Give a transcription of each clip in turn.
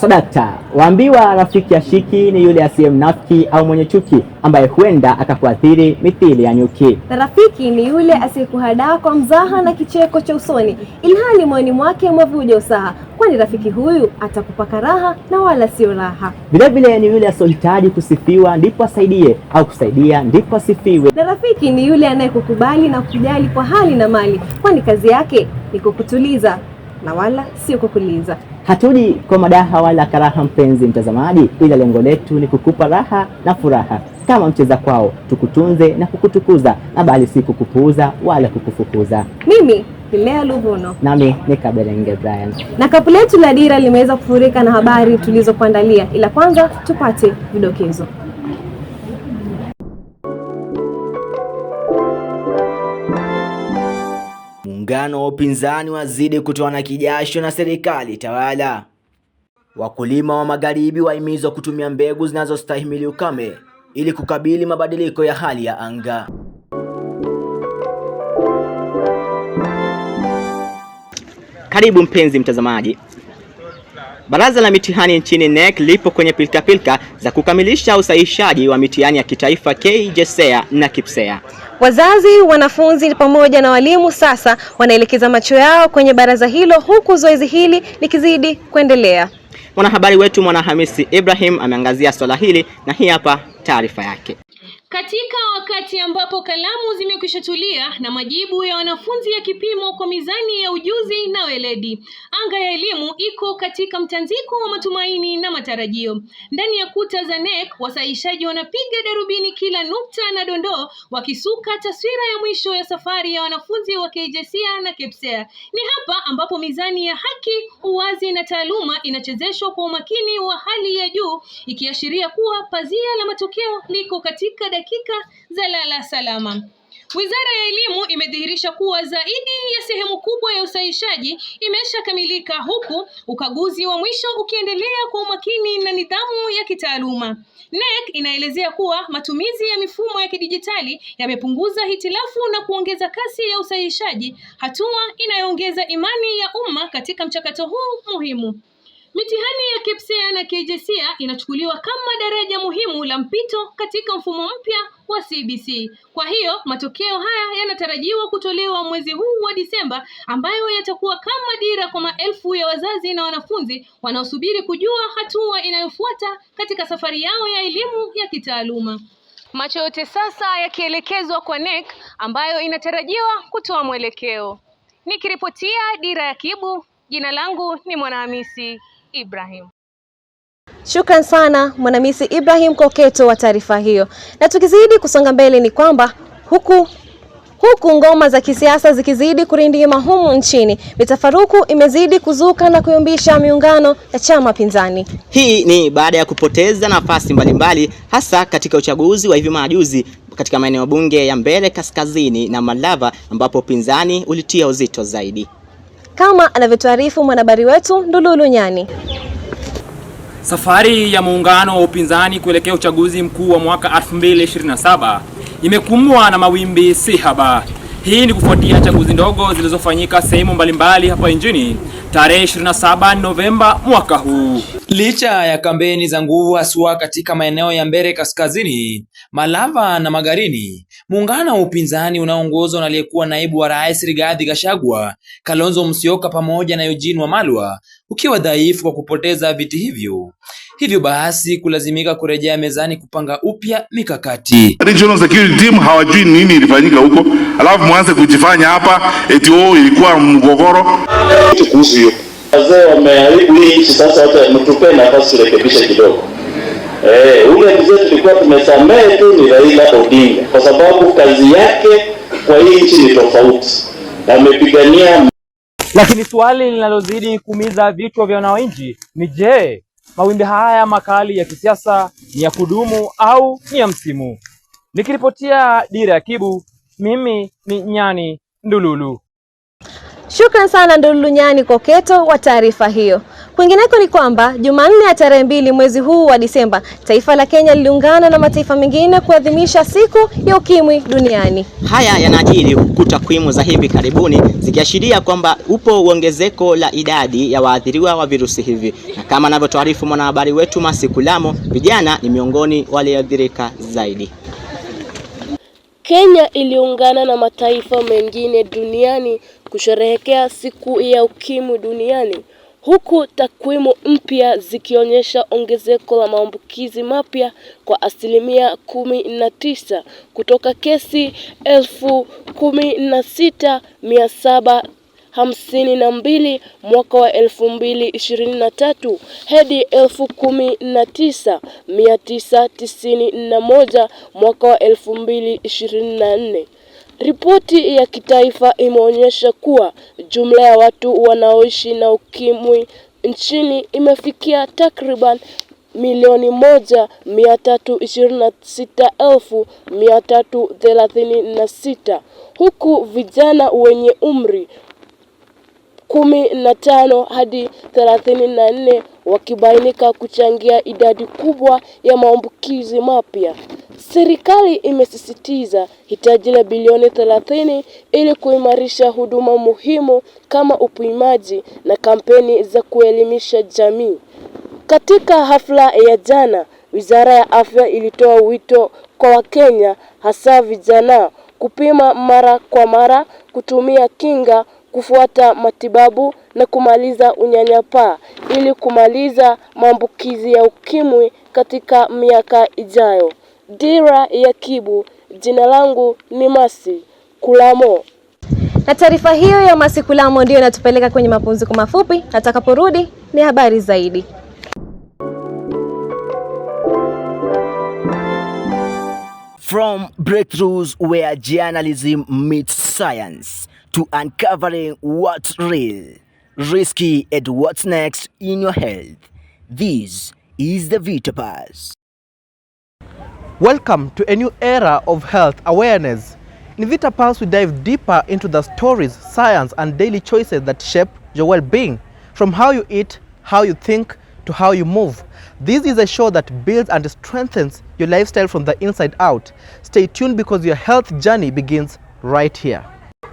Sadakta, waambiwa rafiki shiki ni yule asiye mnafiki au mwenye chuki ambaye huenda akakuathiri mithili ya nyuki. Rafiki ni yule asiyekuhadaa kwa mzaha na kicheko cha usoni, ilhali moyoni mwake mwavuja usaha, kwani rafiki huyu atakupaka raha na wala sio raha. Vilevile ni yule asiyohitaji kusifiwa ndipo asaidie au kusaidia ndipo asifiwe. Na rafiki ni yule anayekukubali na kujali kwa hali na mali, kwani kazi yake ni kukutuliza na wala sio kukuliza. Hatuji kwa madaha wala karaha, mpenzi mtazamaji, ila lengo letu ni kukupa raha na furaha kama mcheza kwao, tukutunze na kukutukuza, na bali si kukupuuza wala kukufukuza. Mimi ni Lea Luvuno, nami ni Kaberenge Brian, na kapu letu la dira limeweza kufurika na habari tulizokuandalia, ila kwanza tupate vidokezo. Muungano wa upinzani wazidi kutoana kijasho na serikali tawala. Wakulima wa magharibi wahimizwa kutumia mbegu zinazostahimili ukame ili kukabili mabadiliko ya hali ya anga. Karibu mpenzi mtazamaji. Baraza la mitihani nchini NEC lipo kwenye pilikapilika za kukamilisha usahihishaji wa mitihani ya kitaifa KJSEA na KIPSEA. Wazazi, wanafunzi pamoja na walimu sasa wanaelekeza macho yao kwenye baraza hilo huku zoezi hili likizidi kuendelea. Mwanahabari wetu Mwanahamisi Ibrahim ameangazia swala hili na hii hapa taarifa yake. Katika wakati ambapo kalamu zimekwisha tulia na majibu ya wanafunzi kipimo kwa mizani ya ujuzi na weledi, anga ya elimu iko katika mtanziko wa matumaini na matarajio. Ndani ya kuta za NEC, wasahihishaji wanapiga darubini kila nukta na dondoo, wakisuka taswira ya mwisho ya safari ya wanafunzi wa KJSEA na KEPSEA. Ni hapa ambapo mizani ya haki, uwazi na taaluma inachezeshwa kwa umakini wa hali ya juu, ikiashiria kuwa pazia la matokeo liko katika dakika za lala salama. Wizara ya Elimu imedhihirisha kuwa zaidi ya sehemu kubwa ya usahihishaji imeshakamilika huku ukaguzi wa mwisho ukiendelea kwa umakini na nidhamu ya kitaaluma. NEC inaelezea kuwa matumizi ya mifumo ya kidijitali yamepunguza hitilafu na kuongeza kasi ya usahihishaji, hatua inayoongeza imani ya umma katika mchakato huu muhimu. Mitihani ya KPSEA na KJSEA inachukuliwa kama daraja muhimu la mpito katika mfumo mpya wa CBC. Kwa hiyo, matokeo haya yanatarajiwa kutolewa mwezi huu wa Disemba ambayo yatakuwa kama dira kwa maelfu ya wazazi na wanafunzi wanaosubiri kujua hatua inayofuata katika safari yao ya elimu ya kitaaluma. Macho yote sasa yakielekezwa kwa NEC ambayo inatarajiwa kutoa mwelekeo. Nikiripotia Dira ya Kibu, jina langu ni Mwanahamisi. Ibrahim. Shukran sana Mwanamisi Ibrahim Koketo wa taarifa hiyo. Na tukizidi kusonga mbele ni kwamba huku huku ngoma za kisiasa zikizidi kurindima humu nchini, mitafaruku imezidi kuzuka na kuyumbisha miungano ya chama pinzani. Hii ni baada ya kupoteza nafasi mbalimbali, hasa katika uchaguzi wa hivi majuzi katika maeneo bunge ya Mbele Kaskazini na Malava, ambapo upinzani ulitia uzito zaidi kama anavyotuarifu mwanahabari wetu Ndululu Nyani. Safari ya muungano wa upinzani kuelekea uchaguzi mkuu wa mwaka 2027 imekumbwa na mawimbi si haba. Hii ni kufuatia chaguzi ndogo zilizofanyika sehemu mbalimbali hapa nchini tarehe 27 Novemba mwaka huu. Licha ya kampeni za nguvu haswa katika maeneo ya Mbeere Kaskazini, Malava na Magarini, muungano wa upinzani unaoongozwa na aliyekuwa naibu wa rais Rigathi Gachagua, Kalonzo Musyoka pamoja na Eugene Wamalwa ukiwa dhaifu kwa kupoteza viti hivyo hivyo basi kulazimika kurejea mezani kupanga upya mikakati. Regional security team hawajui nini ilifanyika huko, alafu mwanze kujifanya hapa eti oo oh, ilikuwa mgogoro kuhusu hiyo. Wazee wameharibu hii nchi sasa, hata mtupee nafasi turekebishe kidogo. Eh, ule mzee tulikuwa tumesamehe tu ni Raila Odinga kwa sababu kazi yake kwa hii nchi ni tofauti, amepigania. Lakini swali linalozidi kuumiza vichwa vya wananchi ni je, mawimbi haya makali ya kisiasa ni ya kudumu au ni ya msimu? Nikiripotia Dira ya Kibu, mimi ni Nyani Ndululu. Shukran sana Ndululu Nyani Koketo wa taarifa hiyo. Kwingineko ni kwamba Jumanne ya tarehe mbili mwezi huu wa Disemba, taifa la Kenya liliungana na mataifa mengine kuadhimisha siku ya ukimwi duniani. Haya yanajiri huku takwimu za hivi karibuni zikiashiria kwamba upo uongezeko la idadi ya waathiriwa wa virusi hivi, na kama anavyotuarifu mwanahabari wetu Masikulamo, vijana ni miongoni walioathirika zaidi. Kenya iliungana na mataifa mengine duniani kusherehekea siku ya ukimwi duniani huku takwimu mpya zikionyesha ongezeko la maambukizi mapya kwa asilimia kumi na tisa kutoka kesi elfu kumi na sita mia saba hamsini na mbili mwaka wa elfu mbili ishirini na tatu hadi elfu kumi na tisa mia tisa tisini na moja mwaka wa elfu mbili ishirini na nne. Ripoti ya kitaifa imeonyesha kuwa jumla ya watu wanaoishi na ukimwi nchini imefikia takriban milioni moja mia tatu ishirini na sita elfu mia tatu thelathini na sita huku vijana wenye umri kumi na tano hadi thelathini na nne wakibainika kuchangia idadi kubwa ya maambukizi mapya. Serikali imesisitiza hitaji la bilioni thelathini ili kuimarisha huduma muhimu kama upimaji na kampeni za kuelimisha jamii. Katika hafla ya jana, Wizara ya Afya ilitoa wito kwa Wakenya hasa vijana kupima mara kwa mara, kutumia kinga, kufuata matibabu na kumaliza unyanyapaa ili kumaliza maambukizi ya ukimwi katika miaka ijayo. Dira ya Kibu. Jina langu ni Masi Kulamo. Na taarifa hiyo ya Masi Kulamo ndiyo inatupeleka kwenye mapumziko mafupi. Atakaporudi ni habari zaidi. From breakthroughs where journalism meets science to uncovering what's real, risky and what's next in your health. This is the Vita Pass. Welcome to a new era of health awareness. In Vita Pulse, we dive deeper into the stories, science, and daily choices that shape your well being from how you eat, how you think, to how you move. This is a show that builds and strengthens your lifestyle from the inside out. Stay tuned because your health journey begins right here.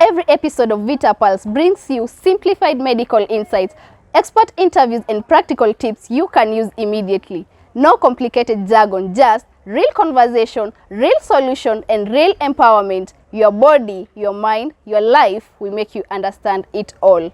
Every episode of Vita Pulse brings you simplified medical insights, expert interviews, and practical tips you can use immediately. No complicated jargon, just real conversation, real solution and real empowerment. Your body, your mind, your life will make you understand it all.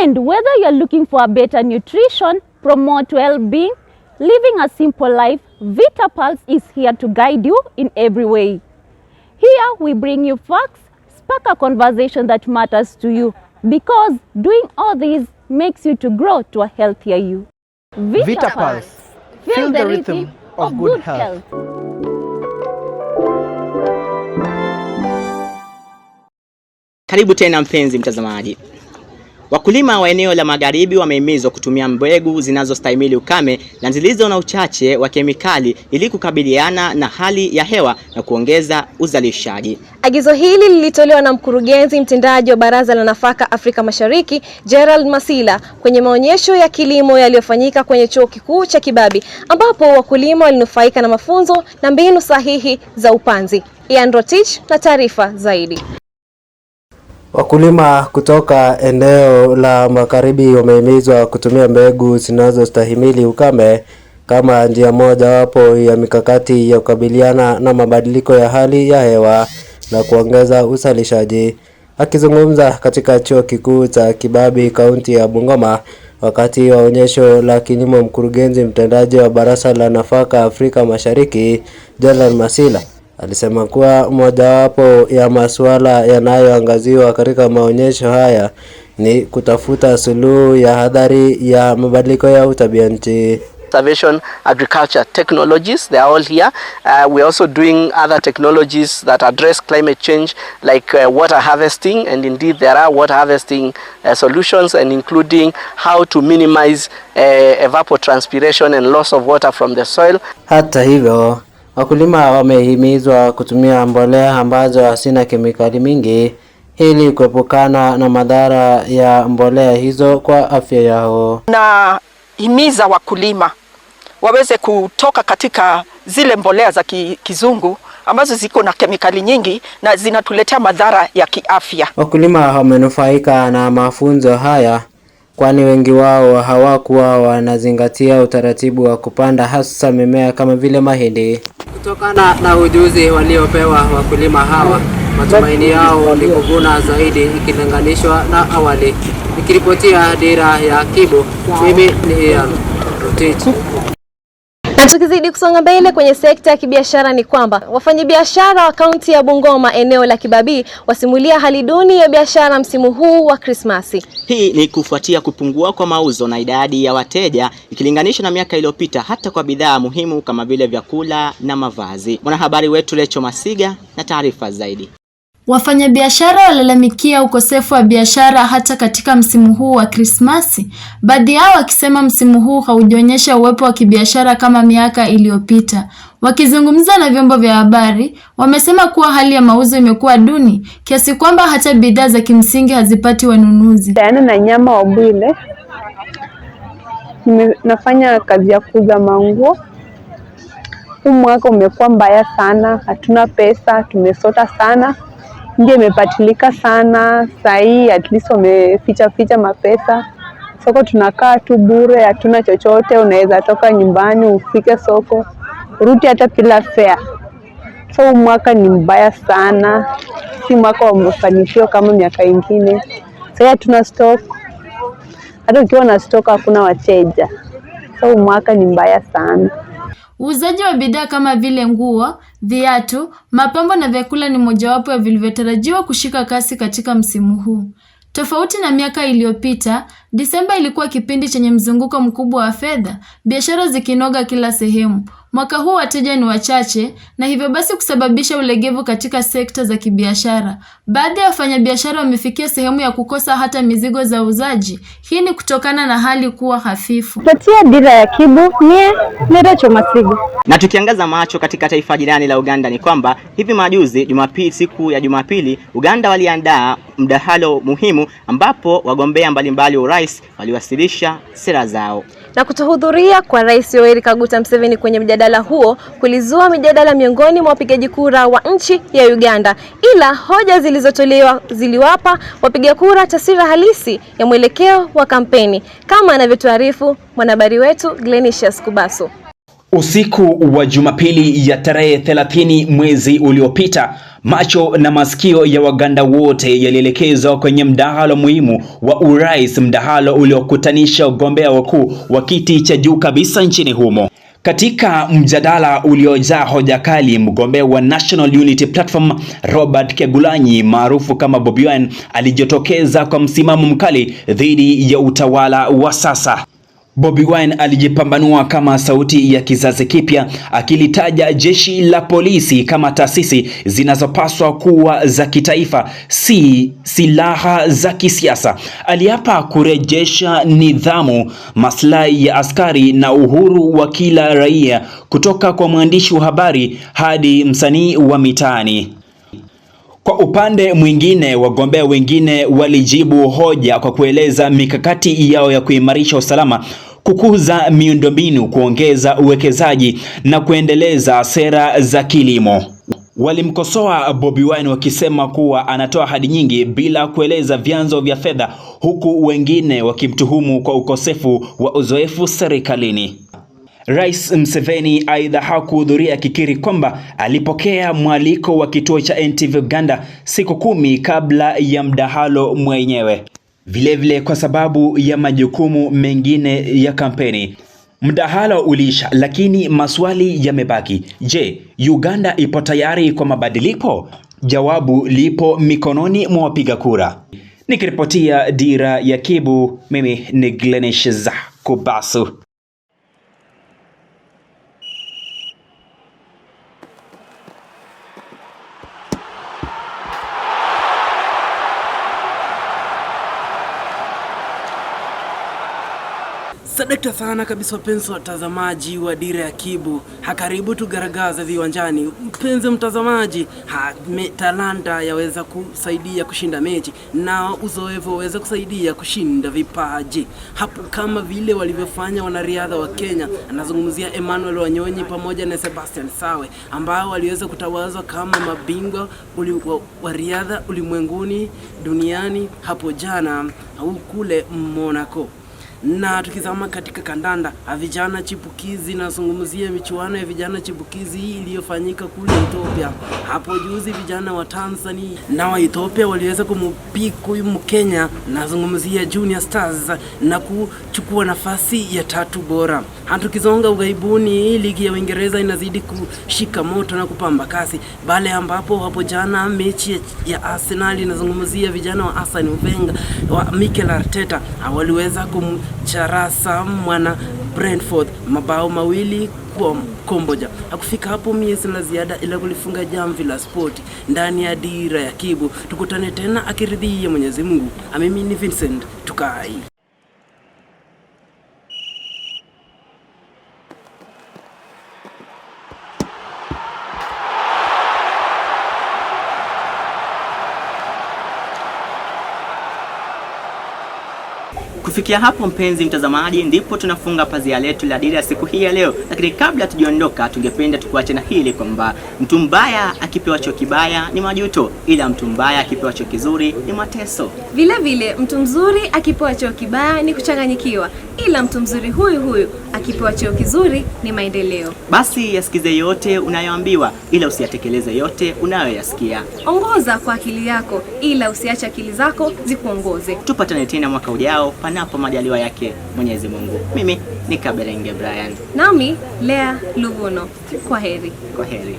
And whether you're looking for a better nutrition, promote well-being, living a simple life, Vita Pulse is here to guide you in every way. Here we bring you facts, spark a conversation that matters to you because doing all this makes you to grow to a healthier you. Vita, Vita Pulse. Pulse. Feel the rhythm of good health. Karibu tena mpenzi mtazamaji. Wakulima wa eneo la magharibi wamehimizwa kutumia mbegu zinazostahimili ukame na zilizo na uchache wa kemikali ili kukabiliana na hali ya hewa na kuongeza uzalishaji. Agizo hili lilitolewa na mkurugenzi mtendaji wa Baraza la Nafaka Afrika Mashariki, Gerald Masila, kwenye maonyesho ya kilimo yaliyofanyika kwenye Chuo Kikuu cha Kibabi, ambapo wakulima walinufaika na mafunzo na mbinu sahihi za upanzi. Ian Rotich na taarifa zaidi. Wakulima kutoka eneo la magharibi wamehimizwa kutumia mbegu zinazostahimili ukame kama njia mojawapo ya mikakati ya kukabiliana na mabadiliko ya hali ya hewa na kuongeza uzalishaji. Akizungumza katika Chuo Kikuu cha kibabi kaunti ya Bungoma, wakati wa onyesho la kilimo, mkurugenzi mtendaji wa Baraza la Nafaka Afrika Mashariki, Gerald Masila Alisema kuwa mojawapo ya masuala yanayoangaziwa katika maonyesho haya ni kutafuta suluhu ya hadhari ya mabadiliko ya utabianchi. Conservation, agriculture technologies, they are all here. Uh, we are also doing other technologies that address climate change like uh, water harvesting and indeed there are water harvesting uh, solutions and including how to minimize uh, evapotranspiration and loss of water from the soil. Hata hivyo Wakulima wamehimizwa kutumia mbolea ambazo hazina kemikali mingi ili kuepukana na madhara ya mbolea hizo kwa afya yao. Nahimiza wakulima waweze kutoka katika zile mbolea za kizungu ambazo ziko na kemikali nyingi na zinatuletea madhara ya kiafya. Wakulima wamenufaika na mafunzo haya kwani wengi wao hawakuwa wanazingatia utaratibu wa kupanda hasa mimea kama vile mahindi. Kutokana na ujuzi waliopewa wakulima hawa, matumaini yao ni kuvuna zaidi ikilinganishwa na awali. Nikiripotia dira ya Kibo, mimi ni Ian Rotich. Na tukizidi kusonga mbele kwenye sekta ya kibiashara ni kwamba wafanyabiashara wa kaunti ya Bungoma eneo la Kibabii wasimulia hali duni ya biashara msimu huu wa Krismasi. Hii ni kufuatia kupungua kwa mauzo na idadi ya wateja ikilinganisha na miaka iliyopita hata kwa bidhaa muhimu kama vile vyakula na mavazi. Mwanahabari wetu Lecho Masiga na taarifa zaidi. Wafanyabiashara walalamikia ukosefu wa biashara hata katika msimu huu wa Krismasi, baadhi yao wakisema msimu huu haujaonyesha uwepo wa kibiashara kama miaka iliyopita. Wakizungumza na vyombo vya habari, wamesema kuwa hali ya mauzo imekuwa duni kiasi kwamba hata bidhaa za kimsingi hazipati wanunuzi. Diana yaani na nyama wa Bwile, nafanya kazi ya kuuza manguo. Huu mwaka umekuwa mbaya sana, hatuna pesa, tumesota sana ndio imepatilika sana sahii, at least wameficha ficha mapesa soko. Tunakaa tu bure, hatuna chochote. Unaweza toka nyumbani ufike soko ruti hata bila fea. So mwaka ni mbaya sana, si mwaka wa mafanikio kama miaka ingine. Sahii hatuna stock, hata ukiwa na stock hakuna wateja. So mwaka ni mbaya sana. Uuzaji wa bidhaa kama vile nguo Viatu, mapambo na vyakula ni mojawapo ya vilivyotarajiwa kushika kasi katika msimu huu. Tofauti na miaka iliyopita, Disemba ilikuwa kipindi chenye mzunguko mkubwa wa fedha, biashara zikinoga kila sehemu. Mwaka huu wateja ni wachache na hivyo basi kusababisha ulegevu katika sekta za kibiashara. Baadhi ya wafanyabiashara wamefikia sehemu ya kukosa hata mizigo za uzaji. Hii ni kutokana na hali kuwa hafifu. Tatia dira ya Kibu, nie Miracho Masigo. Na tukiangaza macho katika taifa jirani la Uganda ni kwamba hivi majuzi Jumapili, siku ya Jumapili, Uganda waliandaa mdahalo muhimu ambapo wagombea mbalimbali wa rais waliwasilisha sera zao. Na kutohudhuria kwa Rais Yoweri Kaguta Museveni kwenye mjadala huo kulizua mijadala miongoni mwa wapigaji kura wa nchi ya Uganda, ila hoja zilizotolewa ziliwapa wapiga kura taswira halisi ya mwelekeo wa kampeni, kama anavyotuarifu mwanahabari wetu Glenishas Kubaso. Usiku wa Jumapili ya tarehe 30 mwezi uliopita, macho na masikio ya Waganda wote yalielekezwa kwenye mdahalo muhimu wa urais, mdahalo uliokutanisha wagombea wakuu wa kiti cha juu kabisa nchini humo. Katika mjadala uliojaa hoja kali, mgombea wa National Unity Platform Robert Kegulanyi maarufu kama Bobi Wine alijitokeza kwa msimamo mkali dhidi ya utawala wa sasa. Bobi Wine alijipambanua kama sauti ya kizazi kipya akilitaja jeshi la polisi kama taasisi zinazopaswa kuwa za kitaifa, si silaha za kisiasa. Aliapa kurejesha nidhamu, maslahi ya askari na uhuru wa kila raia, kutoka kwa mwandishi wa habari hadi msanii wa mitaani. Kwa upande mwingine, wagombea wengine walijibu hoja kwa kueleza mikakati yao ya kuimarisha usalama kukuza miundombinu, kuongeza uwekezaji na kuendeleza sera za kilimo. Walimkosoa Bobi Wine wakisema kuwa anatoa ahadi nyingi bila kueleza vyanzo vya fedha, huku wengine wakimtuhumu kwa ukosefu wa uzoefu serikalini. Rais Mseveni aidha hakuhudhuria akikiri kwamba alipokea mwaliko wa kituo cha NTV Uganda siku kumi kabla ya mdahalo mwenyewe. Vilevile vile kwa sababu ya majukumu mengine ya kampeni. Mdahalo uliisha lakini maswali yamebaki. Je, Uganda ipo tayari kwa mabadiliko? Jawabu lipo mikononi mwa wapiga kura. Nikiripotia Dira ya Kibu, mimi ni Glenisha Kubasu. Dakta sana kabisa, wapenzi watazamaji wa Dira ya Kibu, hakaribu tugaragaza viwanjani. Mpenzi mtazamaji, talanta yaweza kusaidia kushinda mechi na uzoefu waweza kusaidia kushinda vipaji, hapo kama vile walivyofanya wanariadha wa Kenya. Anazungumzia Emmanuel Wanyonyi pamoja na Sebastian Sawe ambao waliweza kutawazwa kama mabingwa uli, wa, wa riadha ulimwenguni duniani hapo jana kule Monaco. Na tukizama katika kandanda, ah, vijana chipukizi, nazungumzia michuano ya vijana chipukizi hii iliyofanyika kule Ethiopia hapo juzi. Vijana wa Tanzania na wa Ethiopia waliweza kumpiku huyu Mkenya, nazungumzia Junior Stars na kuchukua nafasi ya tatu bora. Hatukizonga ugaibuni, hii ligi ya Uingereza inazidi kushika moto na kupamba kasi, bale ambapo hapo jana mechi ya Arsenal, nazungumzia vijana wa Arsene Wenger wa Mikel Arteta waliweza kum charasa mwana Brentford mabao mawili kwa Komboja. Hakufika hapo, miezi na ziada ila kulifunga jamvi la spoti ndani ya dira ya Kibu. Tukutane tena akiridhia Mwenyezi Mungu. Amimi ni Vincent Tukai. Kufikia hapo, mpenzi mtazamaji, ndipo tunafunga pazia letu la dira ya siku hii ya leo, lakini kabla tujaondoka, tungependa tukuache na hili kwamba mtu mbaya akipewa akipewacho kibaya ni majuto, ila mtu mbaya akipewa akipewacho kizuri ni mateso. Vilevile mtu mzuri akipewa akipewacho kibaya ni kuchanganyikiwa, ila mtu mzuri huyu huyu akipewa cheo kizuri ni maendeleo. Basi yasikize yote unayoambiwa, ila usiyatekeleze yote unayoyasikia. Ongoza kwa akili yako, ila usiache akili zako zikuongoze. Tupatane tena mwaka ujao, panapo majaliwa yake Mwenyezi Mungu. Mimi ni Kaberenge Brian, nami Lea luguno Kwa heri, kwa heri.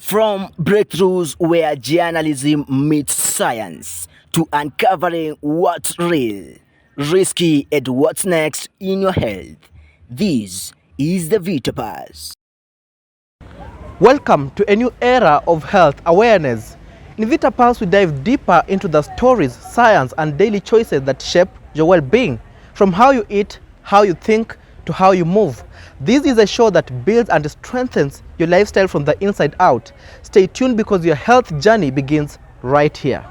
From breakthroughs where journalism meets science to uncovering what's real, risky, at what's next in your health. This is the VitaPass. Welcome to a new era of health awareness. In VitaPass, we dive deeper into the stories, science, and daily choices that shape your well being from how you eat, how you think, to how you move. This is a show that builds and strengthens your lifestyle from the inside out. Stay tuned because your health journey begins right here.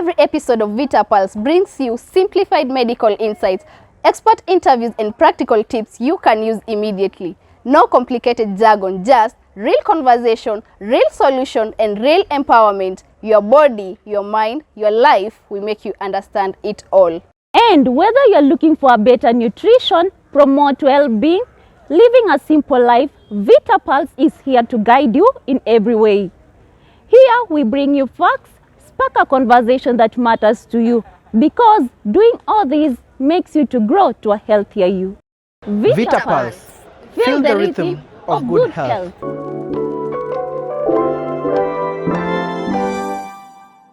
Every episode of Vita Pulse brings you simplified medical insights, expert interviews, and practical tips you can use immediately. No complicated jargon, just real conversation, real solution, and real empowerment. Your body, your mind, your life will make you understand it all. And whether you're looking for a better nutrition, promote well-being, living a simple life, Vita Pulse is here to guide you in every way. Here we bring you facts spark a conversation that matters to you because doing all this makes you to grow to a healthier you. Vita, Vita Pulse. Feel, Feel the, the rhythm, rhythm of good, good health. health.